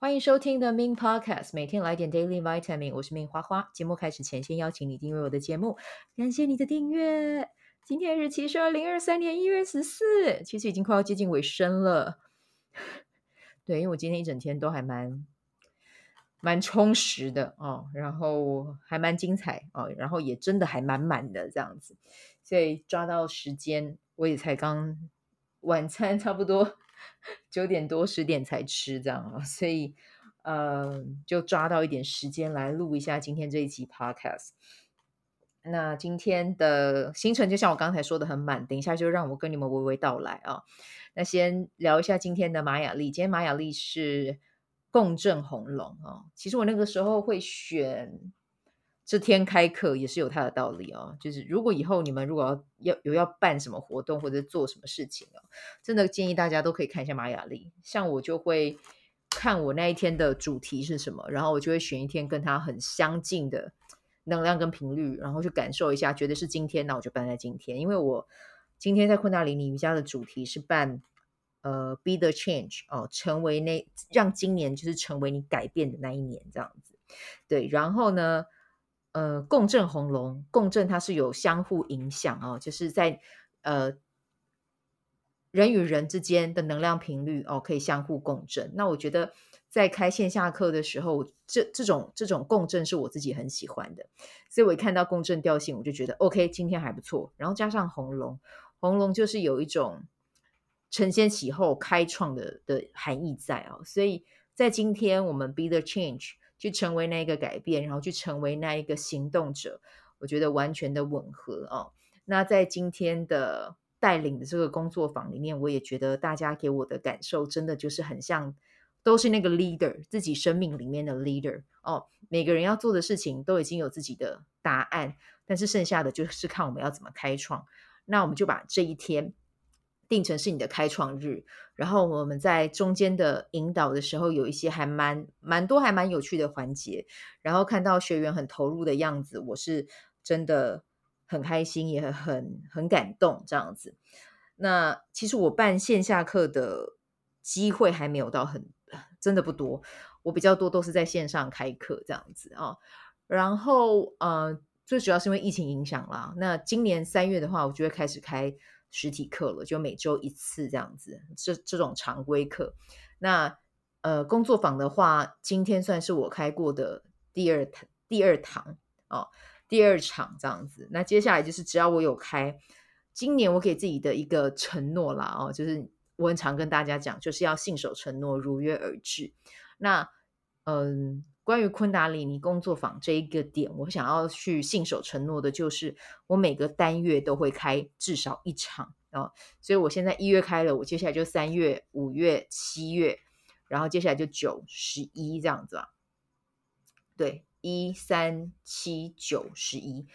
歡迎收聽 The Min Podcast，每天來點 Daily Vitamin，我是 Min 花花。節目開始前，先邀請你訂閱我的節目，感謝你的訂閱。今天日期是二零二三年一月十四，其實已經快要接近尾聲了。對，因為我今天一整天都還蠻蠻充實的哦，然後還蠻精彩哦，然後也真的還蠻滿的這樣子，所以抓到時間，我也才剛晚餐差不多。九點多十點才吃這樣啊，所以呃，就抓到一點時間來錄一下今天這一集 podcast。那今天的行程就像我剛才說的很滿，等一下就讓我跟你們娓娓道來啊、哦。那先聊一下今天的馬雅曆，今天馬雅曆是共振紅龍啊、哦。其實我那個時候會選。這天開課也是有它的道理哦。就是如果以後你們如果要,要有要辦什麼活動或者做什麼事情哦，真的建議大家都可以看一下瑪雅歷。像我就會看我那一天的主題是什麼，然後我就會選一天跟它很相近的能量跟頻率，然後去感受一下，覺得是今天，那我就辦在今天。因為我今天在昆達里尼瑜伽的主題是辦呃，Be the Change 哦，成為那讓今年就是成為你改變的那一年這樣子。對，然後呢？呃，共振紅龍，共振，它是有相互影響哦，就是在呃人與人之間的能量頻率哦，可以相互共振。那我覺得在開線下課的時候，這這種這種共振是我自己很喜歡的，所以我一看到共振調性，我就覺得 OK，今天還不錯。然後加上紅龍，紅龍就是有一種承先啟後、開創的的含義在哦，所以在今天我們 Be the Change。去成為那一個改變，然後去成為那一個行動者，我覺得完全的吻合哦。那在今天的帶領的這個工作坊裡面，我也覺得大家給我的感受，真的就是很像，都是那個 leader 自己生命裡面的 leader 哦。每個人要做的事情都已經有自己的答案，但是剩下的就是看我們要怎麼開創。那我們就把這一天，定成是你的開創日，然後我們在中間的引導的時候，有一些還蠻蠻多還蠻有趣的環節，然後看到學員很投入的樣子，我是真的很開心，也很很感動這樣子。那其實我辦線下課的機會還沒有到很真的不多，我比較多都是在線上開課這樣子啊、哦。然後嗯，最、呃、主要是因為疫情影響啦。那今年三月的話，我就會開始開。實體課了，就每周一次這樣子，這這種常規課。那呃，工作坊的話，今天算是我開過的第二第二堂，哦，第二場這樣子。那接下來就是，只要我有開，今年我給自己的一個承諾啦，哦，就是我很常跟大家講，就是要信守承諾，如約而至。那嗯。關於昆達里尼工作坊這一個點，我想要去信守承諾的，就是我每個單月都會開至少一場啊，哦，所以我現在一月開了，我接下來就三月、五月、七月，然後接下來就九、十一這樣子吧，對，一、三、七、九、十一。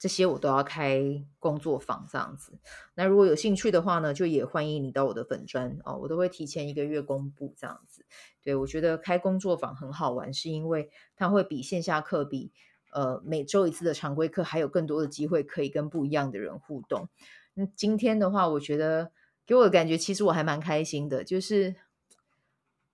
這些我都要開工作坊這樣子。那如果有興趣的話呢，就也歡迎你到我的粉專哦，我都會提前一個月公布這樣子。對，我覺得開工作坊很好玩，是因為它會比線下課比呃每週一次的常規課還有更多的機會可以跟不一樣的人互動。那今天的話，我覺得給我的感覺其實我還蠻開心的，就是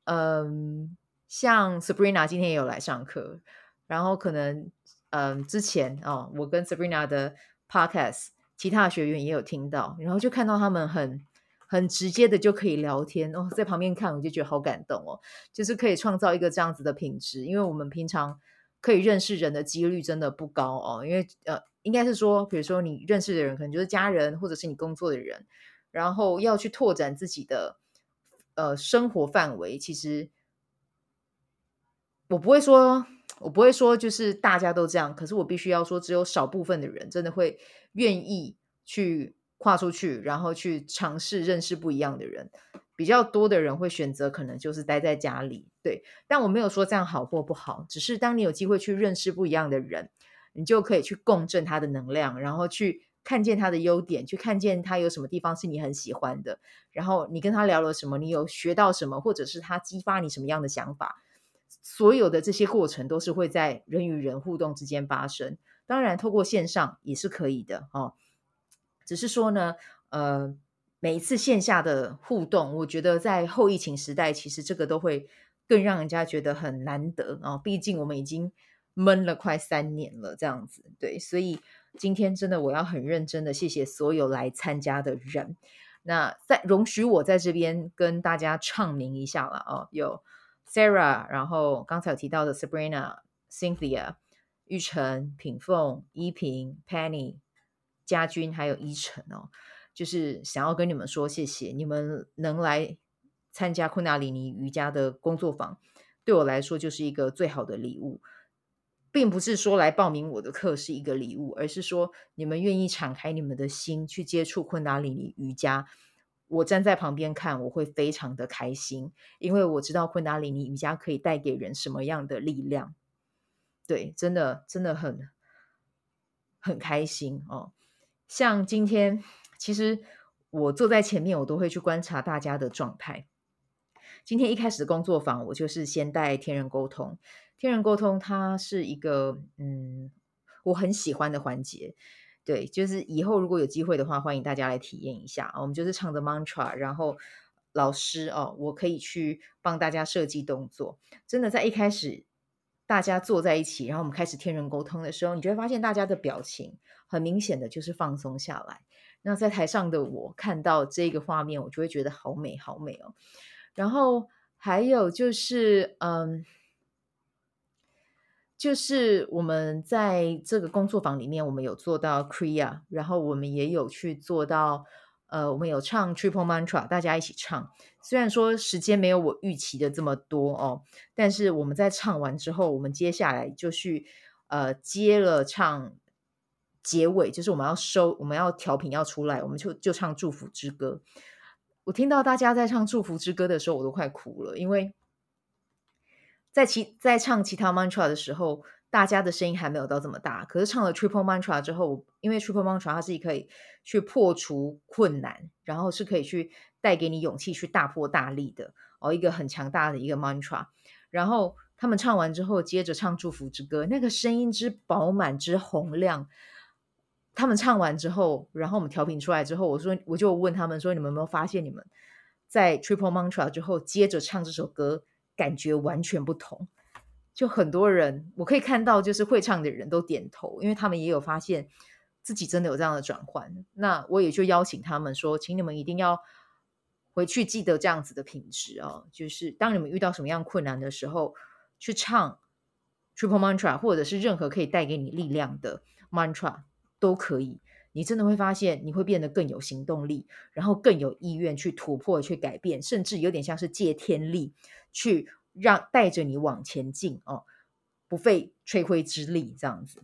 嗯，像 Sabrina 今天也有來上課，然後可能。嗯，之前啊，哦，我跟 Sabrina 的 Podcast，其他的學員也有聽到，然後就看到他們很很直接的就可以聊天哦，在旁邊看我就覺得好感動哦，就是可以創造一個這樣子的品質，因為我們平常可以認識人的幾率真的不高哦，因為呃，應該是說，比如說你認識的人可能就是家人或者是你工作的人，然後要去拓展自己的呃生活範圍，其實。我不會說，我不會說，就是大家都這樣。可是我必須要說，只有少部分的人真的會願意去跨出去，然後去嘗試認識不一樣的人。比較多的人會選擇，可能就是待在家裡。對，但我沒有說這樣好或不好。只是當你有機會去認識不一樣的人，你就可以去共振他的能量，然後去看見他的優點，去看見他有什麼地方是你很喜歡的。然後你跟他聊了什麼，你有學到什麼，或者是他激發你什麼樣的想法。所有的這些過程都是會在人與人互動之間發生，當然透過線上也是可以的哦。只是說呢，呃，每一次線下的互動，我覺得在後疫情時代，其實這個都會更讓人家覺得很難得啊、哦。畢竟我們已經悶了快三年了，這樣子對。所以今天真的我要很認真的謝謝所有來參加的人。那再容許我在這邊跟大家唱名一下了哦。有。Sarah，然後剛才有提到的 Sabrina、Cynthia、玉成、品鳳、依萍、Penny、家君，還有依晨哦，就是想要跟你們說謝謝，你們能來參加昆達里尼瑜伽的工作坊，對我來說就是一個最好的禮物，並不是說來報名我的課是一個禮物，而是說你們願意敞開你們的心去接觸昆達里尼瑜伽。我站在旁邊看，我會非常的開心，因為我知道昆達里尼瑜伽可以帶給人什麼樣的力量。對，真的真的很很開心哦。像今天，其實我坐在前面，我都會去觀察大家的狀態。今天一開始工作坊，我就是先帶天人溝通。天人溝通，它是一個嗯，我很喜歡的環節。對，就是以後如果有機會的話，歡迎大家來體驗一下。我們就是唱著 mantra，然後老師哦，我可以去幫大家設計動作。真的，在一開始大家坐在一起，然後我們開始天人溝通的時候，你就會發現大家的表情很明顯的就是放鬆下來。那在台上的我看到這個畫面，我就會覺得好美，好美哦。然後還有就是，嗯。就是我們在這個工作坊裡面，我們有做到 Kriya，然後我們也有去做到，呃，我們有唱 Triple Mantra，大家一起唱。雖然說時間沒有我預期的這麼多哦，但是我們在唱完之後，我們接下來就去呃接了唱結尾，就是我們要收，我們要調頻要出來，我們就就唱祝福之歌。我聽到大家在唱祝福之歌的時候，我都快哭了，因為。在其在唱其他 mantra 的時候，大家的聲音還沒有到這麼大。可是唱了 triple mantra 之後，因為 triple mantra 它自己可以去破除困難，然後是可以去帶給你勇氣去大破大立的哦，一個很強大的一個 mantra。然後他們唱完之後，接着唱祝福之歌，那個聲音之飽滿之洪亮。他們唱完之後，然後我們調頻出來之後，我說我就問他們說：你們有沒有發現，你們在 triple mantra 之後接着唱這首歌？感覺完全不同，就很多人，我可以看到，就是會唱的人都點頭，因為他們也有發現自己真的有這樣的轉換。那我也就邀請他們說，請你們一定要回去記得這樣子的品質哦，就是當你們遇到什麼樣困難的時候，去唱 Triple mantra，或者是任何可以帶給你力量的 mantra 都可以。你真的會發現，你會變得更有行動力，然後更有意願去突破、去改變，甚至有點像是借天力去讓帶着你往前進哦，不費吹灰之力這樣子。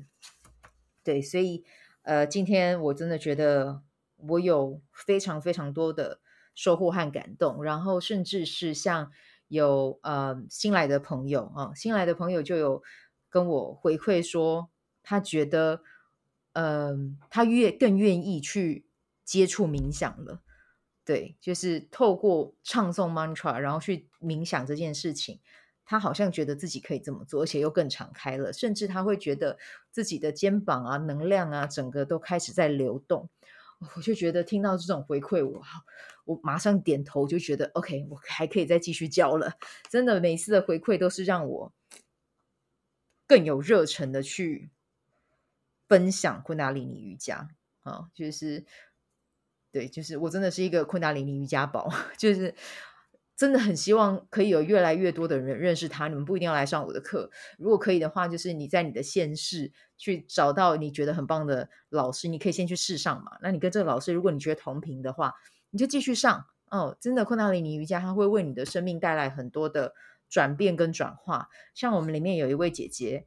對，所以呃，今天我真的覺得我有非常非常多的收穫和感動，然後甚至是像有呃新來的朋友啊、哦，新來的朋友就有跟我回饋說，他覺得。嗯，他越更願意去接觸冥想了，對，就是透過唱誦 mantra，然後去冥想這件事情，他好像覺得自己可以這麼做，而且又更敞開了，甚至他會覺得自己的肩膀啊、能量啊，整個都開始在流動。我就覺得聽到這種回饋，我我馬上點頭，就覺得 OK，我還可以再繼續教了。真的，每一次的回饋都是讓我更有熱忱的去。分享昆達里尼瑜伽啊、哦，就是，對，就是我真的是一個昆達里尼瑜伽寶，就是真的很希望可以有越來越多的人認識他，你們不一定要來上我的課，如果可以的話，就是你在你的縣市去找到你覺得很棒的老師，你可以先去試上嘛。那你跟這個老師，如果你覺得同頻的話，你就繼續上哦。真的，昆達里尼瑜伽它會為你的生命帶來很多的轉變跟轉化。像我們裡面有一位姐姐。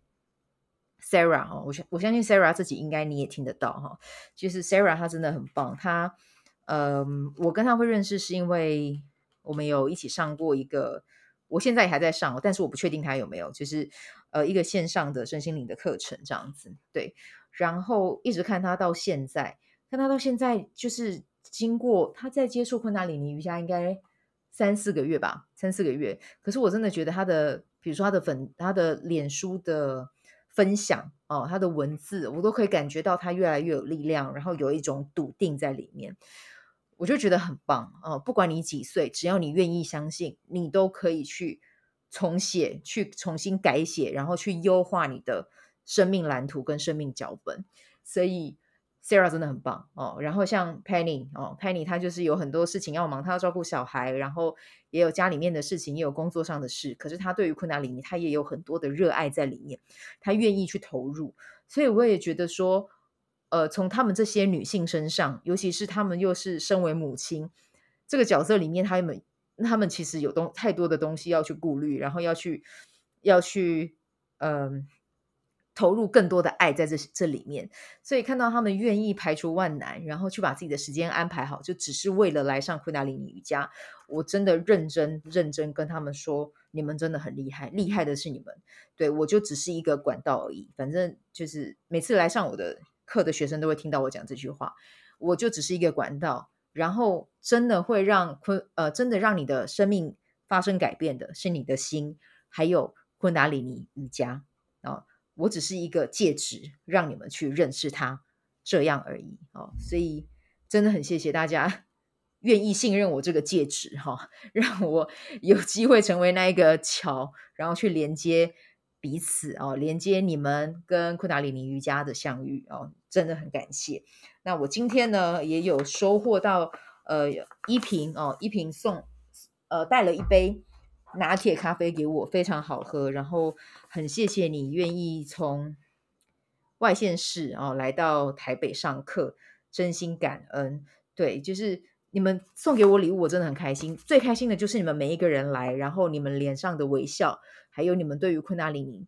Sarah 哦，我相我相信 Sarah 自己應該你也聽得到哈。其實 Sarah 她真的很棒，她嗯、呃，我跟她會認識是因為我們有一起上過一個，我現在還在上，但是我不確定她有沒有，就是呃一個線上的身心靈的課程這樣子。對，然後一直看她到現在，看她到現在就是經過她在接觸昆達里尼瑜伽應該三四個月吧，三四個月。可是我真的覺得她的，比如說她的粉，她的臉書的。分享哦，他的文字我都可以感覺到他越來越有力量，然後有一種篤定在裡面，我就覺得很棒哦。不管你幾歲，只要你願意相信，你都可以去重寫、去重新改寫，然後去優化你的生命藍圖跟生命腳本。所以。Sarah 真的很棒哦，然後像 Penny 哦，Penny 她就是有很多事情要忙，她要照顧小孩，然後也有家裡面的事情，也有工作上的事。可是她對於昆達里尼，她也有很多的熱愛在裡面，她願意去投入。所以我也覺得說，呃，從他們這些女性身上，尤其是他們又是身為母親這個角色裡面她們，他們他們其實有東太多的東西要去顧慮，然後要去要去嗯。呃投入更多的愛在這這裡面，所以看到他們願意排除萬難，然後去把自己的時間安排好，就只是為了來上昆達里尼瑜伽。我真的認真認真跟他們說，你們真的很厲害，厲害的是你們。對，我就只是一個管道而已。反正就是每次來上我的課的學生都會聽到我講這句話，我就只是一個管道。然後真的會讓昆呃，真的讓你的生命發生改變的是你的心，還有昆達里尼瑜伽啊。我只是一個介質，讓你們去認識他，這樣而已哦。所以真的很謝謝大家願意信任我這個介質哈，讓我有機會成為那一個橋，然後去連接彼此哦，連接你們跟昆達里尼瑜伽的相遇哦，真的很感謝。那我今天呢也有收穫到，呃，一瓶哦，一瓶送呃帶了一杯。拿鐵咖啡給我，非常好喝。然後很謝謝你願意從外縣市哦來到台北上課，真心感恩。對，就是你們送給我禮物，我真的很開心。最開心的就是你們每一個人來，然後你們臉上的微笑，還有你們對於昆達里尼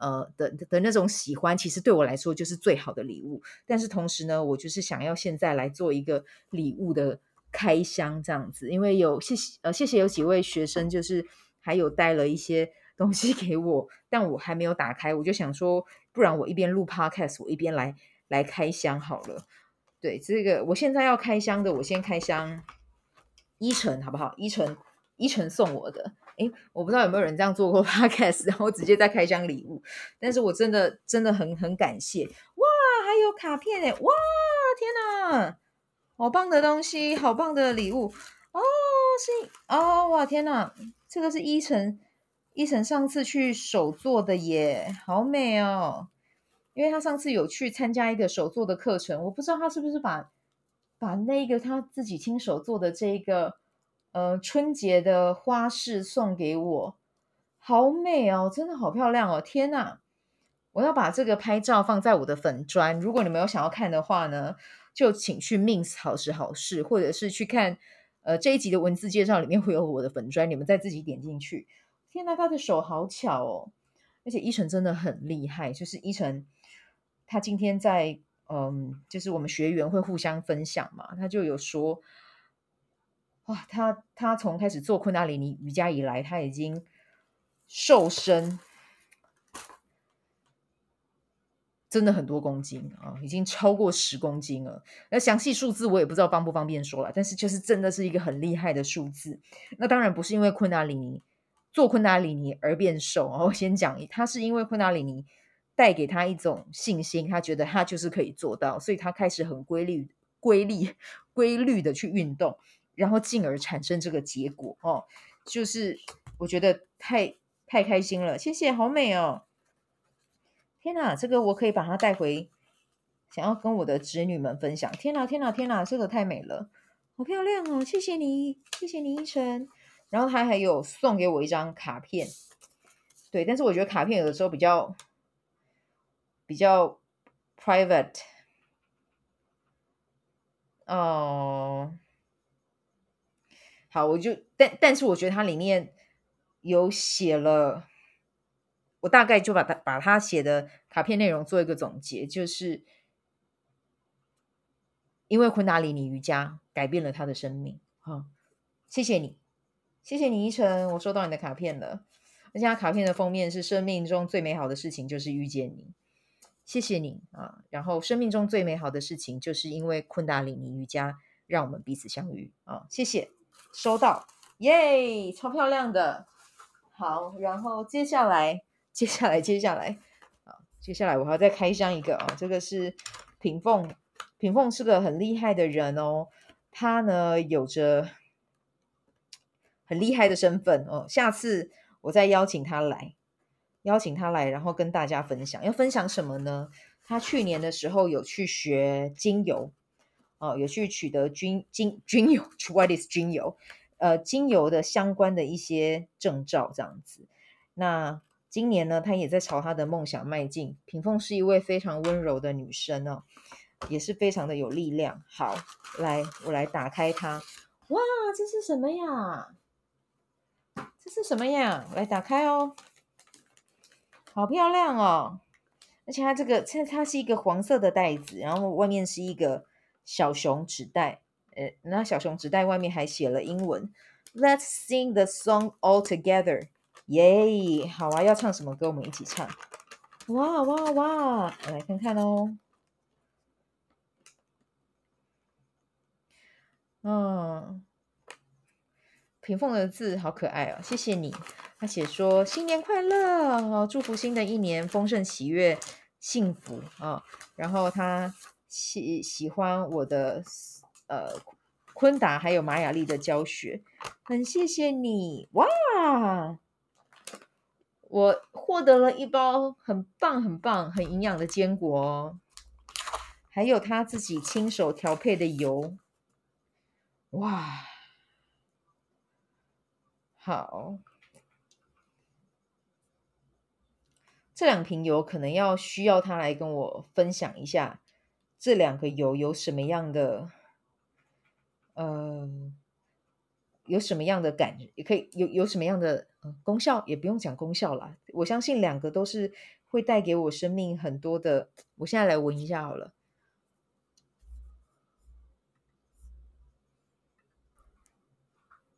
呃的的那種喜歡，其實對我來說就是最好的禮物。但是同時呢，我就是想要現在來做一個禮物的開箱這樣子，因為有謝謝呃謝謝有幾位學生就是。還有帶了一些東西給我，但我還沒有打開，我就想說，不然我一邊錄 podcast，我一邊來來開箱好了。對，這個我現在要開箱的，我先開箱依晨，好不好？依晨，依晨送我的，哎，我不知道有沒有人這樣做過 podcast，然後直接在開箱禮物。但是我真的真的很很感謝。哇，還有卡片哎，哇，天哪，好棒的東西，好棒的禮物。哦，是，哦，哇，天哪！這個是依晨，依晨上次去手做的耶，好美哦！因為他上次有去參加一個手做的課程，我不知道他是不是把把那個他自己親手做的這一個呃春節的花式送給我，好美哦，真的好漂亮哦！天哪，我要把這個拍照放在我的粉專。如果你們有想要看的話呢，就請去 Mins 好時好事，或者是去看。呃，這一集的文字介紹裡面會有我的粉專，你們再自己點進去。天哪，他的手好巧哦！而且依晨真的很厲害，就是依晨，他今天在嗯，就是我們學員會互相分享嘛，他就有說，哇，他他從開始做昆達里尼瑜伽以來，他已經瘦身，真的很多公斤啊，哦，已經超過十公斤了。那詳細數字我也不知道方不方便說了，但是就是真的是一個很厲害的數字。那當然不是因為昆達里尼做昆達里尼而變瘦，我先講，他是因為昆達里尼帶給他一種信心，他覺得他就是可以做到，所以他開始很規律、規律、規律的去運動，然後進而產生這個結果哦。就是我覺得太太開心了，謝謝，好美哦。天哪，這個我可以把它帶回，想要跟我的姪女們分享。天哪，天哪，天哪，這個太美了，好漂亮哦！謝謝你，謝謝你，一晨。然後他還有送給我一張卡片，對，但是我覺得卡片有的時候比較比較 private。哦，好，我就但但是我覺得它裡面有寫了。我大概就把他把他寫的卡片內容做一個總結，就是因為昆達里尼瑜伽改變了他的生命。哈、嗯，謝謝你，謝謝你，依晨，我收到你的卡片了，而且他卡片的封面是“生命中最美好的事情就是遇見你”，謝謝你啊、嗯。然後生命中最美好的事情就是因為昆達里尼瑜伽讓我們彼此相遇啊、嗯。謝謝，收到，耶，超漂亮的。好，然後接下來。接下來，接下來，啊，接下來我還要再開箱一個啊、哦。這個是平鳳，平鳳是個很厲害的人哦。他呢有着很厲害的身份哦。下次我再邀請他來，邀請他來，然後跟大家分享。要分享什麼呢？他去年的時候有去學精油，哦，有去取得軍精精油，什麼是精油，呃，精油的相關的一些證照這樣子。那今年呢，她也在朝她的夢想邁進。品鳳是一位非常溫柔的女生哦，也是非常的有力量。好，來，我來打開它。哇，這是什麼呀？這是什麼呀？來打開哦。好漂亮哦！而且它這個，它它是一個黃色的袋子，然後外面是一個小熊紙袋。呃、欸，那小熊紙袋外面還寫了英文：“Let's sing the song all together。”耶、yeah，好啊！要唱什麼歌？我們一起唱。哇哇哇！來看看哦。嗯，屏風的字好可愛哦，謝謝你。他寫說新年快樂，祝福新的一年豐盛、喜悅、幸福啊、嗯。然後他喜喜歡我的呃昆達還有馬雅曆的教學，很謝謝你哇。我獲得了一包很棒、很棒、很營養的堅果哦，還有他自己親手調配的油，哇，好！這兩瓶油可能要需要他來跟我分享一下，這兩個油有什麼樣的，呃。有什麼樣的感覺也可以有，有什麼樣的、嗯、功效也不用講功效了，我相信兩個都是會帶給我生命很多的。我現在來聞一下好了。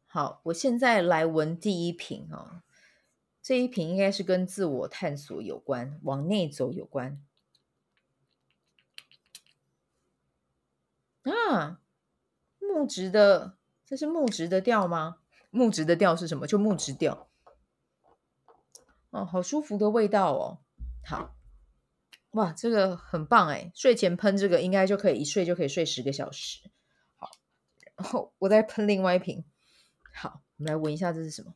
好，我現在來聞第一瓶啊、哦，這一瓶應該是跟自我探索有關，往內走有關。啊，木質的。這是木質的調嗎？木質的調是什麼？就木質調。哦，好舒服的味道哦。好，哇，這個很棒哎！睡前噴這個，應該就可以一睡就可以睡十個小時。好，然後我再噴另外一瓶。好，我們來聞一下這是什麼。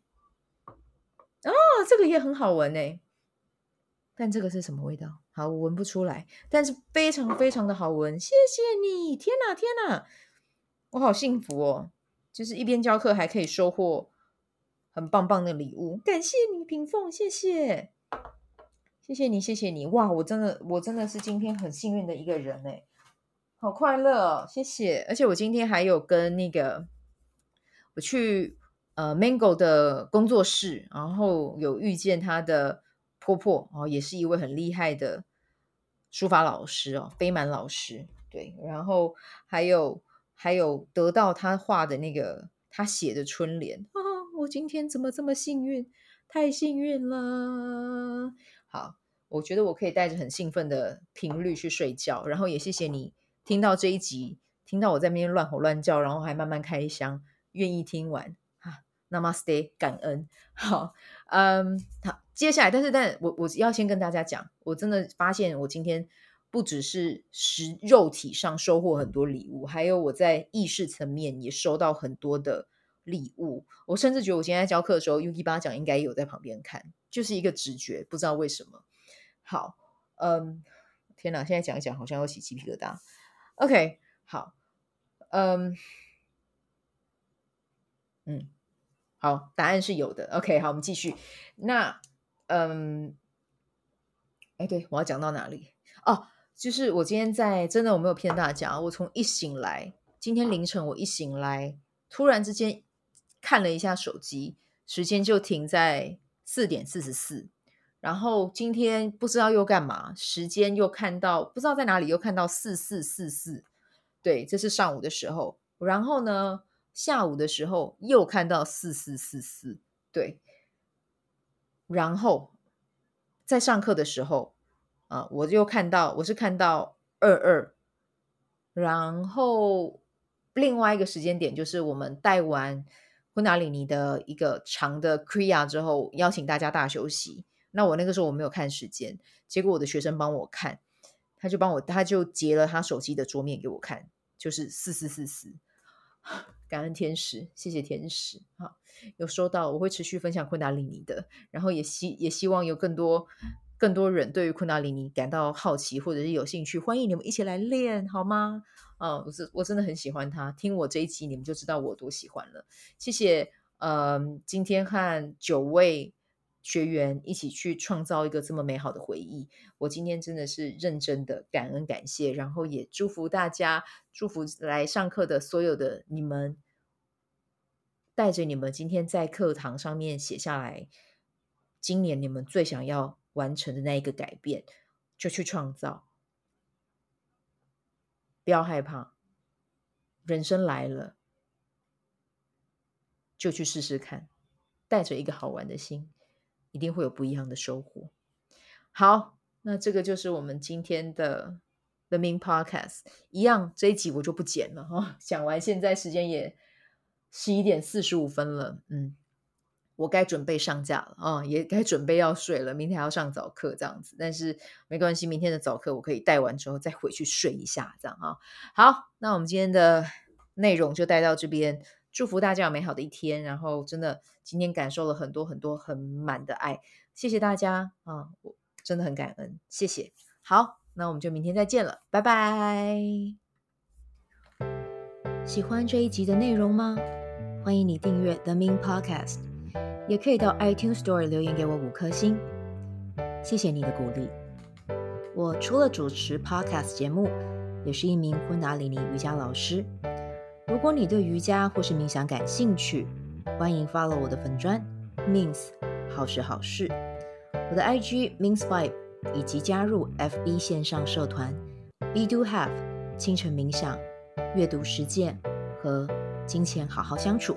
哦，這個也很好聞哎。但這個是什麼味道？好，我聞不出來，但是非常非常的好聞。謝謝你，天哪，天哪，我好幸福哦。就是一邊教課，還可以收穫很棒棒的禮物。感謝你，屏鳳，謝謝，謝謝你，謝謝你！哇，我真的，我真的是今天很幸運的一個人哎，好快樂哦！謝謝，而且我今天還有跟那個我去呃 Mango 的工作室，然後有遇見他的婆婆哦，也是一位很厲害的書法老師哦，飛滿老師，對，然後還有。還有得到他畫的那個，他寫的春聯啊！我今天怎麼這麼幸運？太幸運啦！好，我覺得我可以帶着很興奮的頻率去睡覺，然後也謝謝你聽到這一集，聽到我在那邊亂吼亂叫，然後還慢慢開箱，願意聽完啊！Namaste，感恩。好，嗯，好，接下來，但是，但是我我要先跟大家講，我真的發現我今天。不只是食肉體上收穫很多禮物，還有我在意識層面也收到很多的禮物。我甚至覺得我今天教課的時候，Yogi Bhajan 應該有在旁邊看，就是一個直覺，不知道為什麼。好，嗯，天哪，現在講一講好像要起雞皮疙瘩。OK，好，嗯，嗯，好，答案是有的。OK，好，我們繼續。那，嗯，哎，對我要講到哪裡？哦。就是我今天在，真的我沒有騙大家，我從一醒來，今天凌晨我一醒來，突然之間看了一下手機，時間就停在四點四十四。然後今天不知道又幹嘛，時間又看到，不知道在哪裡又看到四四四四，對，這是上午的時候。然後呢，下午的時候又看到四四四四，對。然後在上課的時候。啊，我就看到，我是看到二二，然後另外一個時間點就是我們帶完昆達里尼的一個長的 kriya 之後，邀請大家大休息。那我那個時候我沒有看時間，結果我的學生幫我看，他就幫我，他就截了他手機的桌面給我看，就是四四四四，感恩天使，謝謝天使，好，有收到，我會持續分享昆達里尼的，然後也希也希望有更多。更多人對於昆達里尼感到好奇，或者是有興趣，歡迎你們一起來練好嗎？啊、嗯，我真我真的很喜歡他，聽我這一期你們就知道我多喜歡了。謝謝，嗯，今天和九位學員一起去創造一個這麼美好的回憶，我今天真的是認真的感恩感謝，然後也祝福大家，祝福來上課的所有的你們，帶着你們今天在課堂上面寫下來，今年你們最想要。完成的那一個改變，就去創造，不要害怕，人生來了，就去試試看，帶着一個好玩的心，一定會有不一樣的收穫。好，那這個就是我們今天的 The Min Podcast 一樣，這一集我就不剪了哈、哦，講完現在時間也十一點四十五分了，嗯。我該準備上架了啊、嗯，也該準備要睡了。明天還要上早課這樣子，但是沒關係，明天的早課我可以帶完之後再回去睡一下，這樣啊。好，那我們今天的內容就帶到這邊，祝福大家有美好的一天。然後真的今天感受了很多很多很滿的愛，謝謝大家啊、嗯，我真的很感恩，謝謝。好，那我們就明天再見了，拜拜。喜歡這一集的內容嗎？歡迎你訂閱 The Min Podcast。也可以到 iTunes Store 留言給我五顆星，謝謝你的鼓勵。我除了主持 podcast 節目，也是一名昆達里尼瑜伽老師。如果你對瑜伽或是冥想感興趣，歡迎 follow 我的粉專 Min's 好時好事，我的 IG Min's Vibe，以及加入 FB 線上社團 Be-Do-Have 清晨冥想、閱讀實踐和金錢好好相處。